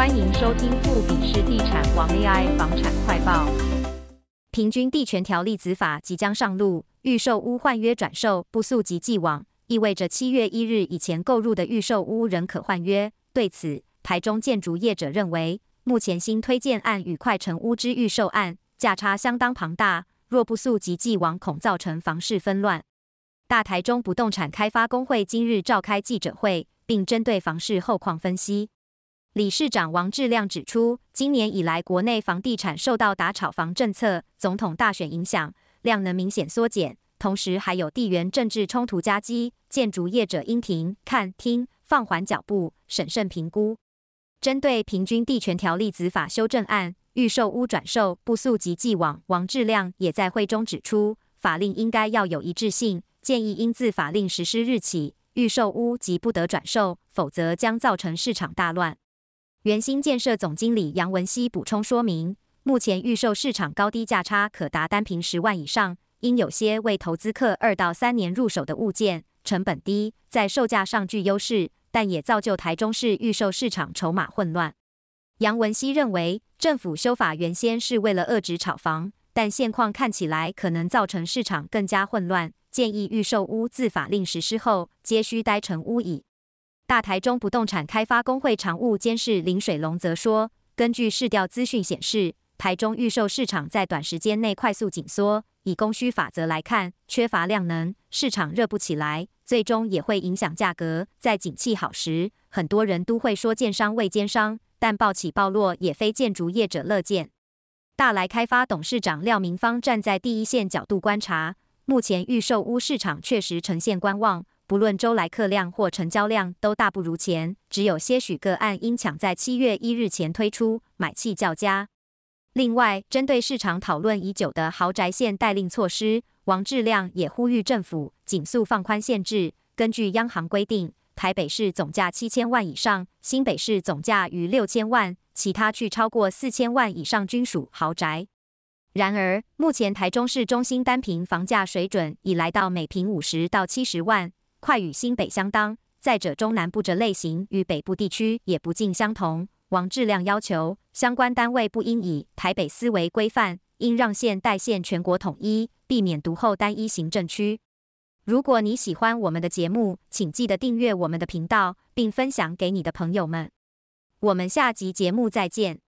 歡迎收聽富比士地產王 AI 房產快報。平均地權條例子法即將上路，預售屋換約轉售不溯及既往，意味着七月一日以前購入的預售屋仍可換約。對此，台中建築業者認為，目前新推薦案與快成屋之預售案價差相當龐大，若不溯及既往，恐造成房市紛亂。大台中不動產開發工會今日召開記者會，並針對房市後況分析。理事長王志亮指出，今年以來，國內房地產受到打炒房政策、總統大選影響，量能明顯縮減，同時還有地緣政治衝突夾擊，建築業者應停、看、聽，放緩腳步，審慎評估。針對《平均地權條例》子法修正案，預售屋轉售不溯及既往，王志亮也在會中指出，法令應該要有一致性，建議應自法令實施日起，預售屋即不得轉售，否則將造成市場大亂。原新建設總經理楊文熙補充說明，目前預售市場高低價差可達單坪十萬以上，因有些為投資客二到三年入手的物件，成本低，在售價上具優勢，但也造就台中市預售市場籌碼混亂。楊文熙認為，政府修法原先是為了遏制炒房，但現況看起來可能造成市場更加混亂，建議預售屋自法令實施後，皆需待成屋以。大台中不動產開發公會常務監事林水龍則說，根據市調資訊顯示，台中預售市場在短時間內快速緊縮，以供需法則來看，缺乏量能，市場熱不起來，最終也會影響價格。在景氣好時，很多人都會說建商為奸商，但暴起暴落也非建築業者樂見。大來開發董事長廖明芳站在第一線角度觀察，目前預售屋市場確實呈現觀望。不論周來客量或成交量都大不如前，只有些許個案因搶在七月一日前推出，買氣較佳。另外，針對市場討論已久的豪宅限貸令措施，王志亮也呼籲政府儘速放寬限制。根據央行規定，台北市總價七千萬以上，新北市總價逾六千萬，其他區超過四千萬以上均屬豪宅。然而，目前台中市中心單坪房價水準已來到每坪五十到七十萬。快與新北相當，再者中南部這類型與北部地區也不盡相同。王志亮要求相關單位不應以台北思維規範，應讓限貸令全國統一，避免獨厚單一行政區。如果你喜歡我們的節目，請記得訂閱我們的頻道，並分享給你的朋友們。我們下集節目再見。